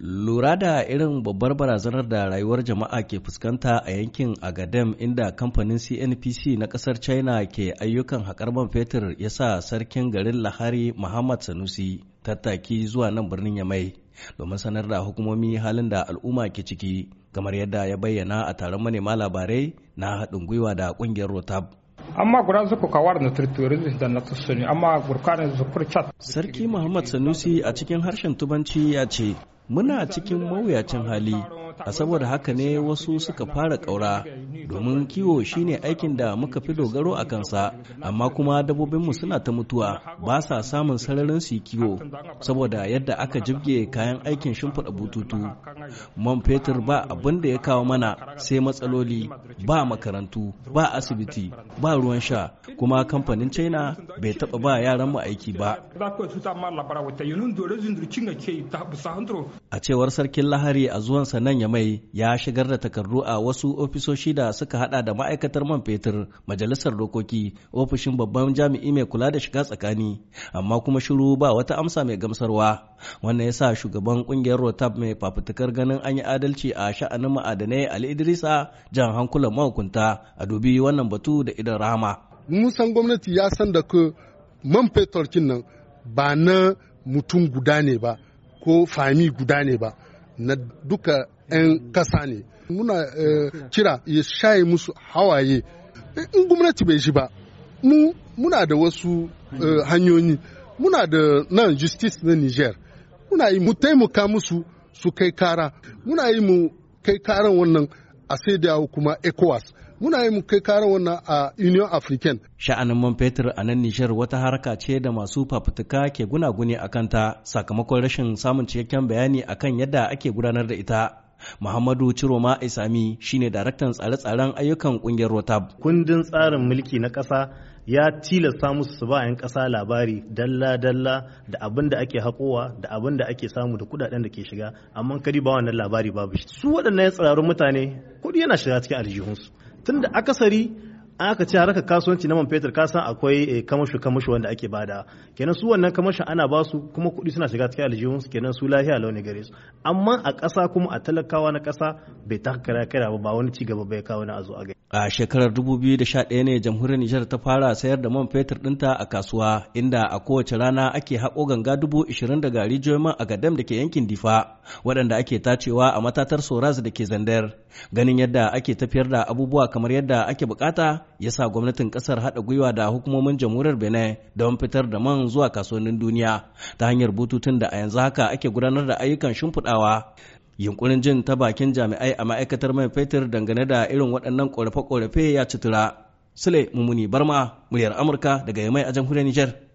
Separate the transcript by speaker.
Speaker 1: Lura da irin babbar barazanar da rayuwar jama'a ke fuskanta a yankin Agadem inda kamfanin CNPC na kasar China ke ayyukan haƙar man fetur ya sa sarkin garin Lahari Muhammad Sanusi tattaki zuwa nan birnin Yamai domin sanar da hukumomi halin da al'umma ke ciki kamar yadda ya bayyana a taron manema labarai na haɗin gwiwa da ƙungiyar Rotab. amma guda zuku kawar na teritoriyoyin da na tussuni amma gurkanin zukur sarki muhammad sanusi a cikin harshen tubanci ya ce muna cikin mawuyacin hali a saboda haka ne wasu suka fara ƙaura domin kiwo shine aikin da muka fi dogaro a kansa amma kuma dabbobinmu suna ta mutuwa ba sa samun sararin su kiwo saboda yadda aka jibge kayan aikin shimfiɗa bututu man fetur ba abin da ya kawo mana sai matsaloli ba makarantu ba asibiti ba ruwan sha kuma kamfanin china bai taɓa ba yaran mu aiki ba a cewar sarkin lahari a zuwansa nan ya mai ya shigar da takardu a wasu ofisoshi da suka hada da ma'aikatar man fetur, majalisar dokoki, ofishin babban jami'i mai kula da shiga tsakani, amma kuma shiru ba wata amsa mai gamsarwa. Wannan ya sa shugaban kungiyar Rotab mai fafutukar ganin an yi adalci a sha'anin ma'adanai Ali Idrisa jan hankulan
Speaker 2: mahukunta a dubi wannan batu da idan rama. musan gwamnati ya san da ku man fetur nan ba na mutum guda ne ba ko fami guda ne ba. na duka 'yan kasa ne muna eh, kira ya shaye musu hawaye in gwamnati bai shi ba muna da wasu eh, hanyoyi muna da nan justice na niger muna yi mu taimaka musu su kai kara muna yi mu kai karan wannan a sai da kuma ecowas muna yi mu kai karan wannan a union african sha'anin
Speaker 1: man fetur a nan nijar wata harka ce da masu fafutuka ke gunaguni a kanta sakamakon rashin samun cikakken bayani akan yadda ake gudanar da ita Muhammadu Ciroma Isami shine daraktan tsare-tsaren
Speaker 3: ayyukan kungiyar Rotab. Kundin tsarin mulki na ƙasa ya tilasta musu su ba 'yan ƙasa labari dalla-dalla da abin da ake haƙowa da abin da ake samu da kudaden da ke shiga amma kadi ba wannan labari babu shi. Su waɗannan tsararrun mutane kuɗi yana shiga cikin aljihunsu. tunda da aka sari aka ce haraka kasuwanci na man fetur ka san akwai kamashu eh, kamashu wanda ake bada kenan su wannan kamashin ana ba su kuma kuɗi suna shiga cikin aljihun su kenan su lafiya launin gare su amma a kasa kuma a talakawa na kasa bai ta kara kira ba wani cigaba bai kawo na azo a
Speaker 1: A shekarar 2011 ne jamhuriyar Nijar ta fara sayar da man fetur ɗinta a kasuwa inda a kowace rana ake haƙo ganga dubu daga rijiyoyin man gadam da ke yankin Difa waɗanda ake tacewa a matatar Soras da ke Zandar. Ganin yadda ake tafiyar da abubuwa kamar yadda ake bukata ya sa gwamnatin ƙasar haɗa gwiwa da hukumomin jamhuriyar Benin don fitar da man zuwa kasuwannin duniya ta hanyar bututun da a yanzu haka ake gudanar da ayyukan shimfiɗawa. yunkurin jin ta bakin jami'ai a ma'aikatar mai fetur dangane da irin waɗannan ƙorafe-ƙorafe ya citura Sule Mumuni Barma, muryar Amurka daga Yamai a jamhuriyar Nijar.